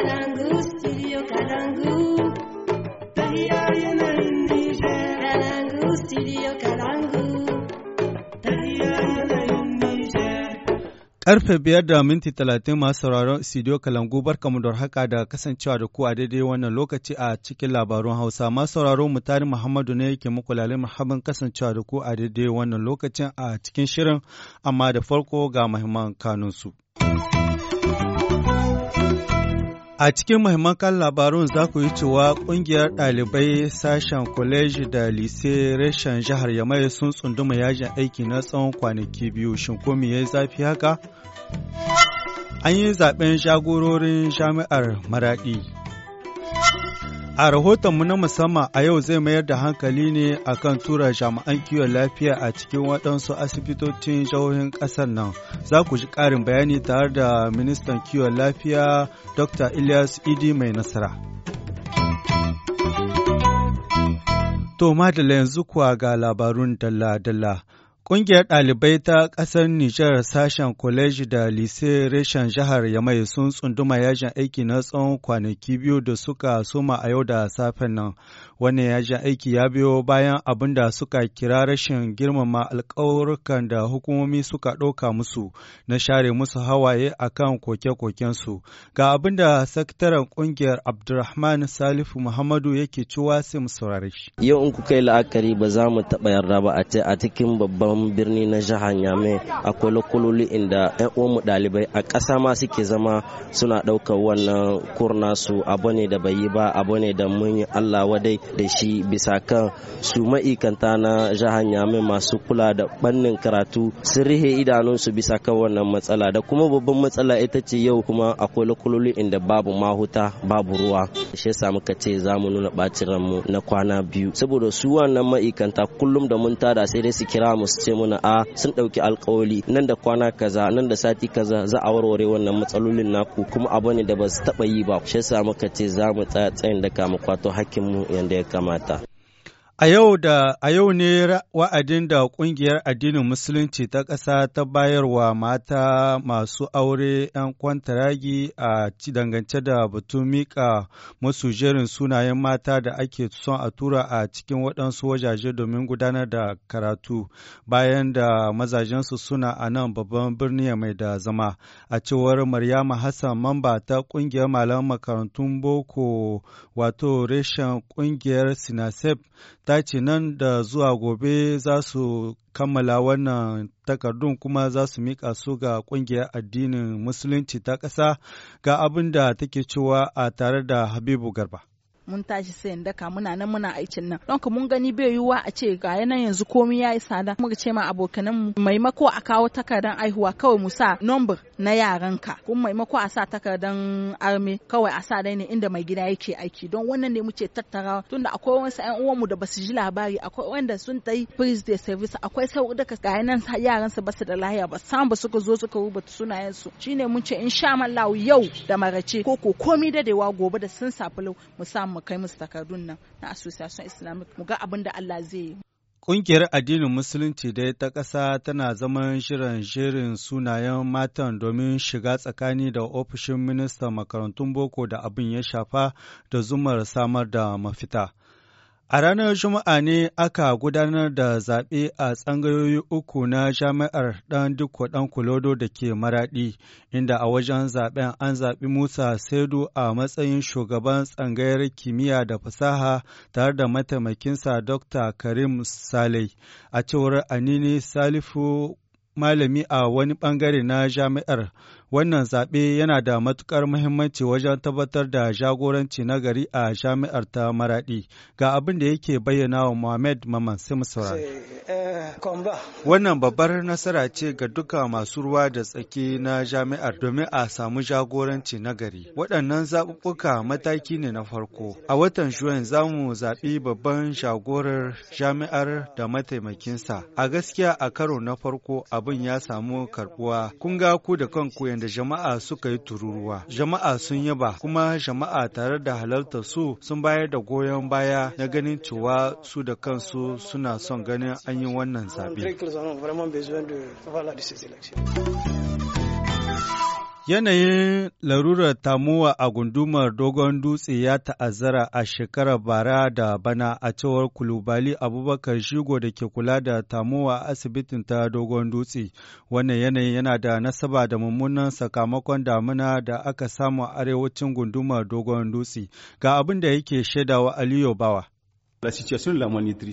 kalangu studio kalangu tahiya yanayin nijar kalangu studio kalangu tahiya yanayin nijar karfe biyar da minti talatin masu sauraron studio kalangu mu da haka da kasancewa da ku a daidai wannan lokaci a cikin labarun hausa masu sauraro mutari muhammadu ne yake muku lalin muhammadin kasancewa da ku a daidai wannan lokacin a cikin shirin amma da farko ga mahimman kanunsu. A cikin mahimman labarun za ku yi cewa kungiyar ɗalibai sashen kwaleji da lise reshen jihar Yamai sun tsunduma yajin aiki na tsawon kwanaki biyu shin ko me yayi zafi haka? An yi zaben jagororin jami'ar Maraɗi. A rahotonmu na musamman a yau zai mayar da hankali ne akan tura jami'an kiwon lafiya a cikin waɗansu asibitocin jihohin ƙasar nan. Za ku ji ƙarin bayani tare da ministan kiwon lafiya Dr. Ilyas Idi mai nasara. To, da yanzu kuwa ga labarun dalla-dalla. Ƙungiyar ɗalibai ta ƙasar Nijar sashen Kwaleji da Lise reshen jihar Yamai sun tsunduma yajin aiki na tsawon kwanaki biyu da suka soma a yau da safen nan. Wannan ya ja aiki ya biyo bayan abin da suka kira rashin girmama alƙawurkan da hukumomi suka ɗauka musu na share musu hawaye a kan koke-kokensu. Ga abin da sakataren ƙungiyar Abdulrahman Salifu Muhammadu yake cewa sai mu saurare shi. Yau in ku kai la'akari ba za mu taɓa yarda ba a ce a cikin babban birni na jihar Nyame akwai lokololi inda 'yan uwanmu ɗalibai a ƙasa ma suke zama suna ɗaukar wannan kurna su abu ne da bai yi ba abu ne da mun yi Allah wadai da shi bisa kan su ma'ikanta na jihar Nyame masu kula da bannin karatu sun rihe idanunsu bisa kan wannan matsala da kuma babban matsala ita ce yau kuma akwai lokulolin inda babu mahuta babu ruwa shi yasa muka ce za mu nuna bacin ranmu na kwana biyu saboda su wannan ma'ikanta kullum da mun tada sai dai su kira mu su ce muna a ah, sun ɗauki alkawali nan da kwana kaza nan da sati kaza za a warware wannan matsalolin naku kuma abu ne da ba su taɓa yi ba shi yasa muka ce za mu tsaya tsayin da mu kwato hakkinmu yanda kamata A yau a yau ne wa'adin da ƙungiyar addinin Musulunci ta ƙasa ta bayarwa mata masu aure 'yan kwantaragi a dangance da batun mika? masu jerin sunayen mata da ake son a tura a cikin waɗansu wajaje domin gudanar da karatu bayan da mazajensu suna a nan babban birni mai da zama. A cewar Maryama Hassan mamba ta ƙungiyar malaman makarantun boko wato reshen ƙungiyar Sinasef daci nan da zuwa gobe za su kammala wannan takardun kuma za su miƙa su ga ƙungiyar addinin musulunci ta ƙasa ga abin da take cewa a tare da habibu garba mun tashi sayan daka muna nan muna aikin nan don mun gani bai yiwuwa a ce ga yanan yanzu komai yayi tsada muka ce ma abokanan mu maimako a kawo takardar aihuwa kawai mu sa number na yaran ka kun maimako a sa takardar arme kawai a sa dai ne inda mai gida yake aiki don wannan ne muke tattarawa tunda akwai wasu ƴan mu da basu ji labari akwai wanda sun tai priest day service akwai sau da ga yanan yaran su basu da lahiya ba san ba suka zo suka rubuta sunayen su shine mun ce insha Allah yau da marace ko ko komai dadewa gobe da sun safi mu samu mu kai musu takardun nan na association islamic mu ga abin da Allah zai yi Ƙungiyar addinin Musulunci dai ta ƙasa tana zaman shirin shirin sunayen matan domin shiga tsakani da ofishin ministan makarantun boko da abin ya shafa da zumar samar da mafita. A ranar Juma'a ne aka gudanar da zaɓe a tsangayoyi uku na jami'ar ɗan duk ɗan kulodo da ke maraɗi, inda a wajen zaɓen an zaɓi Musa Saidu a matsayin shugaban tsangayar kimiyya da fasaha tare da mataimakinsa Dr. Karim Saleh. A cewar Anini Salifu malami a wani bangare na jami'ar wannan zaɓe yana da matuƙar muhimmanci wajen tabbatar da jagoranci nagari a jami'ar ta maraɗi ga abin da yake bayyana wa mohamed maman simsura wannan babbar nasara ce ga duka masu ruwa da tsaki na jami'ar domin a samu jagoranci nagari, waɗannan zaɓuɓɓuka mataki ne na farko a watan juwan za mu zaɓi babban jagorar jami'ar da mataimakinsa a gaskiya a karo na farko a abin ya samu karbuwa kun ga ku da kanku yadda jama'a suka yi tururuwa jama'a sun yaba kuma jama'a tare da halartar su sun bayar da goyon baya na ganin cewa su da kansu suna son ganin an yi wannan zaɓe. Yanayin larurar tamuwa a gundumar Dogon Dutse ya ta'azzara a shekarar bara da bana a cewar Kulubali Abubakar Shigo da ke kula da tamuwa a asibitin ta Dogon Dutse. Wannan yanayin yana da nasaba da mummunan sakamakon damuna da aka samu arewacin gundumar Dogon Dutse. Ga abin da yake shaidawa Aliyu Bawa.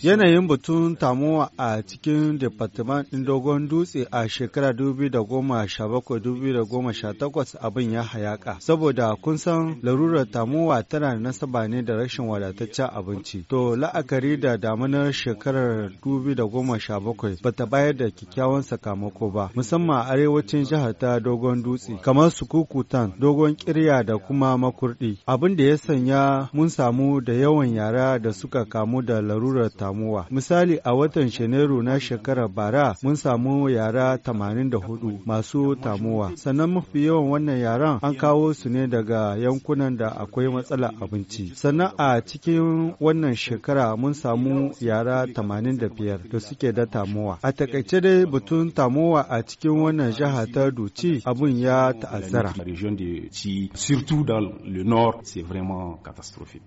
Yanayin batun tamuwa a cikin Departement ɗin Dogon Dutse a shekara 2017-2018 abin ya hayaka. Saboda kun san larurar tamuwa tana nasaba ne da rashin wadataccen abinci. To la'akari da damunar shekarar 2017 bata bayar da kyakkyawan sakamako ba, musamman a arewacin jihar ta Dogon Dutse, kamar su kukutan, Dogon Kirya da kuma Makurdi. Abin da ya sanya mun samu da yawan yara da suka kamu da larurar tamuwa. Misali a watan Janairu na shekarar bara mun samu yara 84 masu tamuwa. Sannan mafi yawan wannan yaran an kawo su ne daga yankunan da akwai matsalar abinci. Sannan a cikin wannan shekara mun samu yara 85 da suke da tamuwa. A takaice dai batun tamuwa a cikin wannan jiha ta Duci abun ya ta'azzara. Surtout dans le nord, c'est vraiment catastrophique.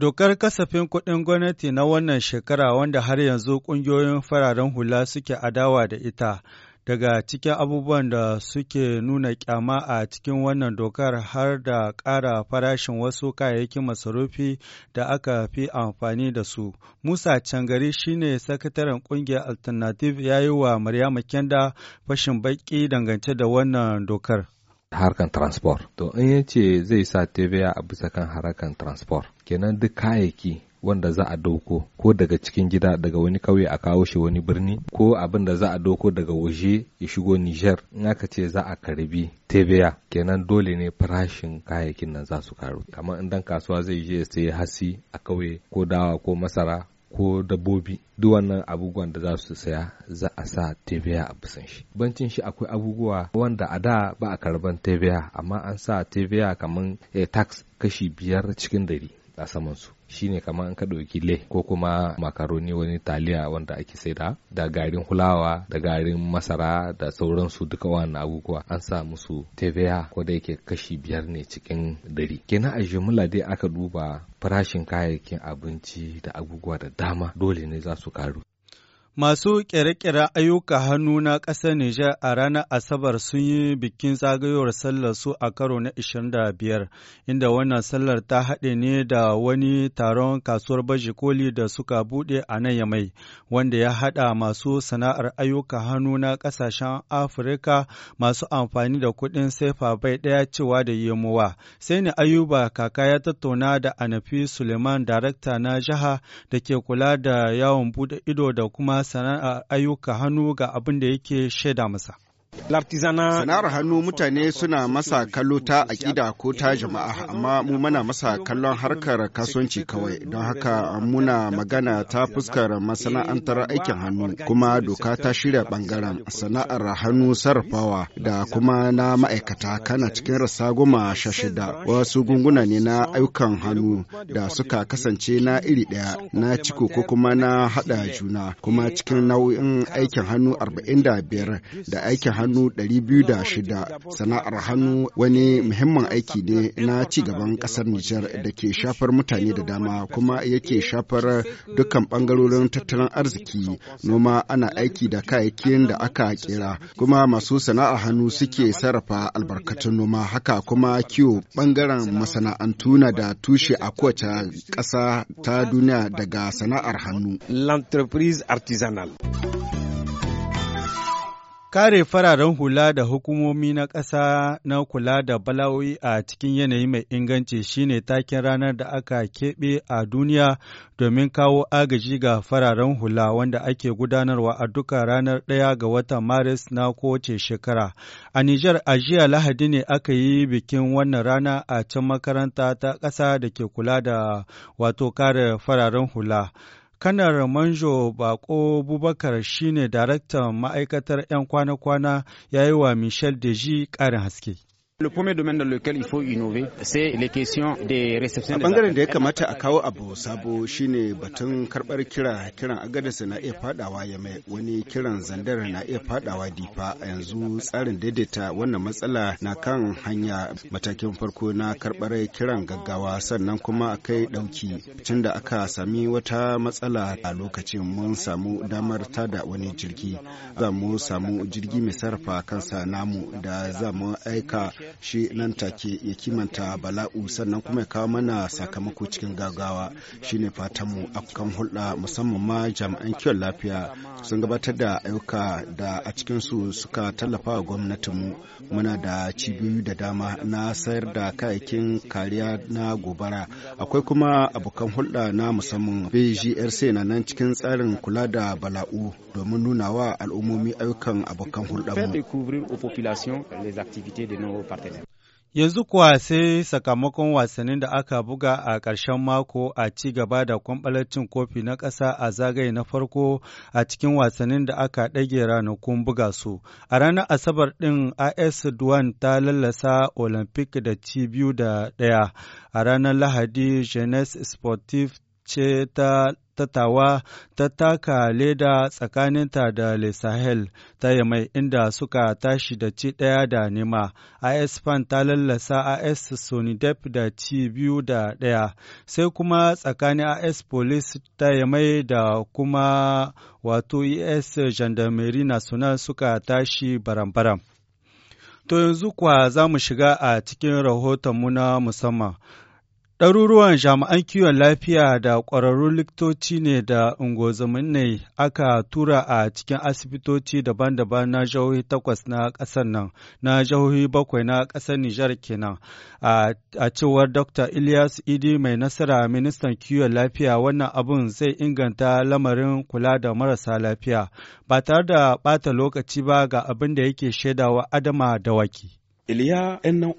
Dokar kasafin kuɗin gwamnati na wannan shekara wanda har yanzu ƙungiyoyin fararen hula suke adawa da ita. Daga cikin abubuwan da suke nuna ƙyama a cikin wannan dokar har da ƙara farashin wasu kayayyakin masarufi da aka fi amfani da su. Musa Cangari shine sakataren ƙungiyar Alternative ya yi wa Maryama Kenda fashin baƙi dangance da wannan dokar. harkan transport to in ya ce zai sa tebiya a bisa kan harkan transport kenan duk kayayyaki wanda za a dauko ko daga cikin gida daga wani kauye a kawo shi wani birni ko abin da za a dauko daga waje ya shigo nijar in aka ce za a karbi tebeya kenan dole ne farashin kayayyakin nan za su karu kamar in dan kasuwa zai je ya sayi hasi a kauye ko dawa ko masara ko dabbobi duk wannan abubuwan da za su saya za a sa tebiya a bisan shi. Bancin shi akwai abubuwa wanda a da ba a karban tebiya amma an sa tebiya kamar eh, tax kashi biyar cikin dari. a saman su shine kamar an ka ɗauki le ko kuma makaroni wani taliya wanda ake saida da garin hulawa da garin masara da sauransu duka wannan abubuwa an sa musu tebeya ko da yake kashi biyar ne cikin dari kenan a jumla dai aka duba farashin kayayyakin abinci da abubuwa da dama dole ne za su karu Masu ƙere-ƙeren ayyuka hannu na ƙasar Nijar a ranar Asabar sun yi bikin zagayowar sallar su a karo na 25, inda wannan sallar ta haɗe ne da wani taron kasuwar baji koli da suka buɗe a nan yamai, wanda ya haɗa masu sana'ar ayyuka hannu na ƙasashen Afirka masu amfani da kuɗin sefa bai ɗaya cewa da yemowa. Sai ne Ayuba kaka ya tattauna da Anafi Suleiman, darakta na jiha da ke kula da yawon buɗe ido da kuma sana’a ayyuka hannu ga abin da yake shaida masa. Sana'ar hannu mutane suna masa kallo ta aƙida ko ta jama'a, amma mu mana masa kallon harkar kasuwanci kawai, don haka muna magana ta fuskar masana'antar aikin hannu, kuma doka ta shirya ɓangaren sana'ar hannu sarrafawa da kuma na ma'aikata kana cikin rasa goma sha shida. Wasu gunguna ne na ayyukan hannu da suka kasance na iri ɗaya, na ciko ko kuma na haɗa juna, kuma cikin nau'in aikin hannu arba'in da biyar da aikin hannu 206 sana'ar hannu wani muhimmin aiki ne na ci gaban ƙasar Nijar da ke shafar mutane da dama kuma yake shafar dukkan ɓangarorin tattalin arziki noma ana aiki da kayayyakin da aka kera kuma masu sana'ar hannu suke sarrafa albarkatun noma haka kuma kiwo bangaren masana'antu na da tushe a kowace ƙasa ta duniya daga sana'ar hannu. L'entreprise artisanale. Kare fararen hula da hukumomi na ƙasa na kula da bala'o'i a cikin yanayi mai inganci shine takin ranar da aka keɓe a duniya domin kawo agaji ga fararen hula wanda ake gudanarwa a duka ranar ɗaya ga watan Maris na kowace shekara. A Nijar a jiya Lahadi ne aka yi bikin wannan rana a can makaranta ta ƙasa da ke kula da wato kare fararen hula. Kanar Manjo Bako Bubakar shine daraktan ma'aikatar 'yan kwana-kwana ya yi wa Michel Deji ƙarin haske. Le premier domaine dans lequel il faut innover, c'est les questions des réceptions. A bangaren da ya kamata a kawo abu sabo shine batun karbar kira, kiran agadasa na iya fadawa ya mai wani kiran zandar na iya fadawa difa a yanzu tsarin daidaita wannan matsala na kan hanya matakin farko na karbar kiran gaggawa sannan kuma akai dauki tun da aka sami wata matsala a lokacin mun samu damar ta da wani jirgi za mu samu jirgi mai sarrafa kansa namu da za mu aika shi nan take ya kimanta bala'u sannan kuma ya kawo mana sakamako cikin gaggawa shine fatanmu kan hulɗa musamman ma jami'an kiwon lafiya sun gabatar da ayyuka da a su suka tallafa wa gwamnatinmu muna da cibiyoyi da dama na sayar da kayayyakin kariya na gobara akwai kuma abokan hulɗa na musamman bgrc na nan cikin tsarin kula da bala'u domin nuna wa al'ummomi ayyukan abokan hulɗa mu Yanzu kuwa sai sakamakon wasannin da aka buga a ƙarshen mako a ci gaba da kwamɓalar kofi na ƙasa a zagaye na farko a cikin wasannin da aka ɗage ranakun buga su. A ranar Asabar ɗin AS Duwan ta lallasa Olympic da ci biyu da ɗaya. A ranar Lahadi Jeunesse Sportive ce ta ta ta taka leda tsakaninta da Le Sahel ta mai inda suka tashi da ci ɗaya da nema. AS Fan ta lallasa AS Sonidep da ci biyu da ɗaya. Sai kuma tsakanin AS Police ta mai da kuma wato ES Gendarmerie National suka tashi baram-baram. To yanzu kuwa za mu shiga a cikin rahotonmu na musamman. Ɗaruruwan jami'an kiwon lafiya da ƙwararrun likitoci ne da ungozumin ne aka tura a cikin asibitoci daban-daban na jihohi takwas na ƙasar nan, na jihohi bakwai na ƙasar Nijar kenan. A cewar Dr. Ilyas Idi mai nasara ministan kiwon lafiya wannan abun zai inganta lamarin kula da marasa lafiya, ba tare da bata lokaci ba ga abin da yake shaidawa Adama da Dawaki. Iliya nan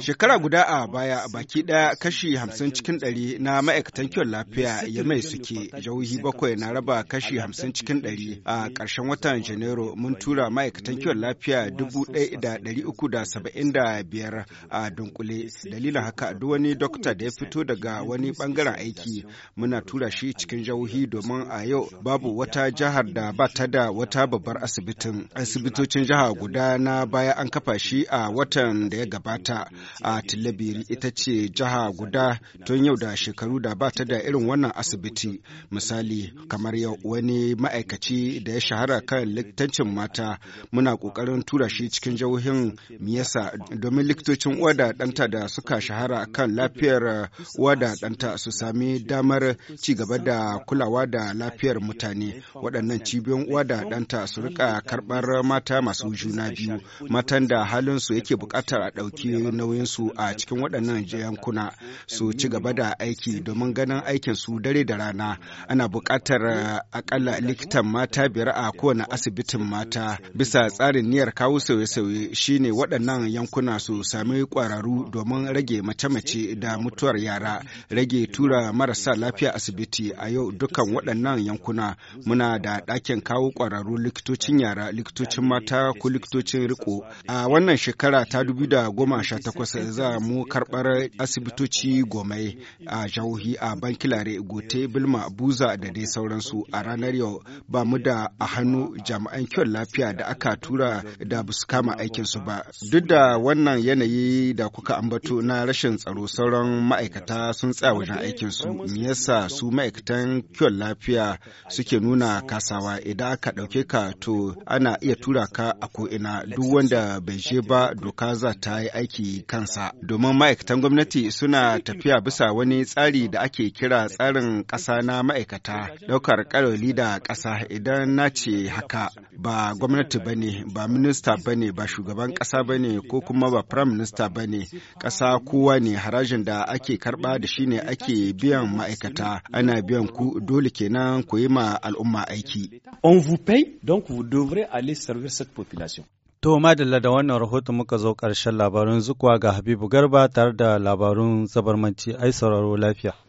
Shekara guda a baya baki ɗaya kashi hamsin cikin ɗari na ma'aikatan kiwon lafiya ya mai suke jauhi bakwai na raba kashi hamsin cikin ɗari a ƙarshen watan Janairu mun tura ma'aikatan kiwon lafiya dubu ɗaya da ɗari uku da saba'in da biyar a dunkule. Dalilin haka duk wani dokta da ya fito daga wani ɓangaren aiki muna tura shi cikin jauhi domin a yau babu wata jihar da ba ta da wata babbar asibitin. Asibitocin jiha guda na baya an kafa shi a watan da ya gabata a tilabiri ita ce jiha guda tun yau da shekaru da ba ta da irin wannan asibiti misali kamar yau wani ma'aikaci da ya shahara kan likitancin mata muna ƙoƙarin tura shi cikin jihohin miyasa domin likitocin uwa da ɗanta da suka shahara kan lafiyar uwa da ɗanta su sami damar ci gaba da kulawa da lafiyar mutane waɗannan cibiyoyin uwa da ɗanta su rika karɓar mata masu juna biyu matan da halin su ake buƙatar a ɗauki nauyinsu a cikin waɗannan yankuna su ci gaba da aiki domin ganin aikin su dare da rana ana buƙatar eh, akalla likitan mata biyar a kowane asibitin mata bisa tsarin niyyar kawo sauye-sauye shine waɗannan yankuna su sami ƙwararru domin rage mace-mace da mutuwar yara rage tura marasa lafiya asibiti a yau dukkan waɗannan yankuna muna da ɗakin kawo ƙwararru likitocin yara likitocin mata ko likitocin riko a wannan shekara shekara ta takwas za mu karɓar asibitoci gomai a jauhi a bankilare gote bilma buza da dai sauransu a ranar yau ba mu da a hannu jami'an kiwon lafiya da aka tura da ba su kama aikinsu ba duk da wannan yanayi da kuka ambato na rashin tsaro sauran ma'aikata sun tsaya wajen aikinsu me yasa su ma'aikatan kiwon lafiya suke nuna kasawa idan aka ɗauke ka to ana iya tura ka a ko'ina duk wanda bai je ba doka za ta yi aiki kansa domin ma'aikatan gwamnati suna tafiya bisa wani tsari da ake kira tsarin ƙasa na ma'aikata ɗaukar ƙaroli da ƙasa idan na ce haka ba gwamnati ba ne ba minista ba ne ba shugaban ƙasa ba ne ko kuma ba firayim minista ba ne ƙasa kowa ne harajin da ake karɓa da shi ne ake biyan ma'aikata ana biyan ku dole kenan ku yi ma al'umma aiki. On vous paye, donc vous devrez aller servir cette population. To madalla da wannan rahoton muka zo ƙarshen labarun zukuwa ga Habibu Garba tare da labarun zabarmanci ai sauraro lafiya.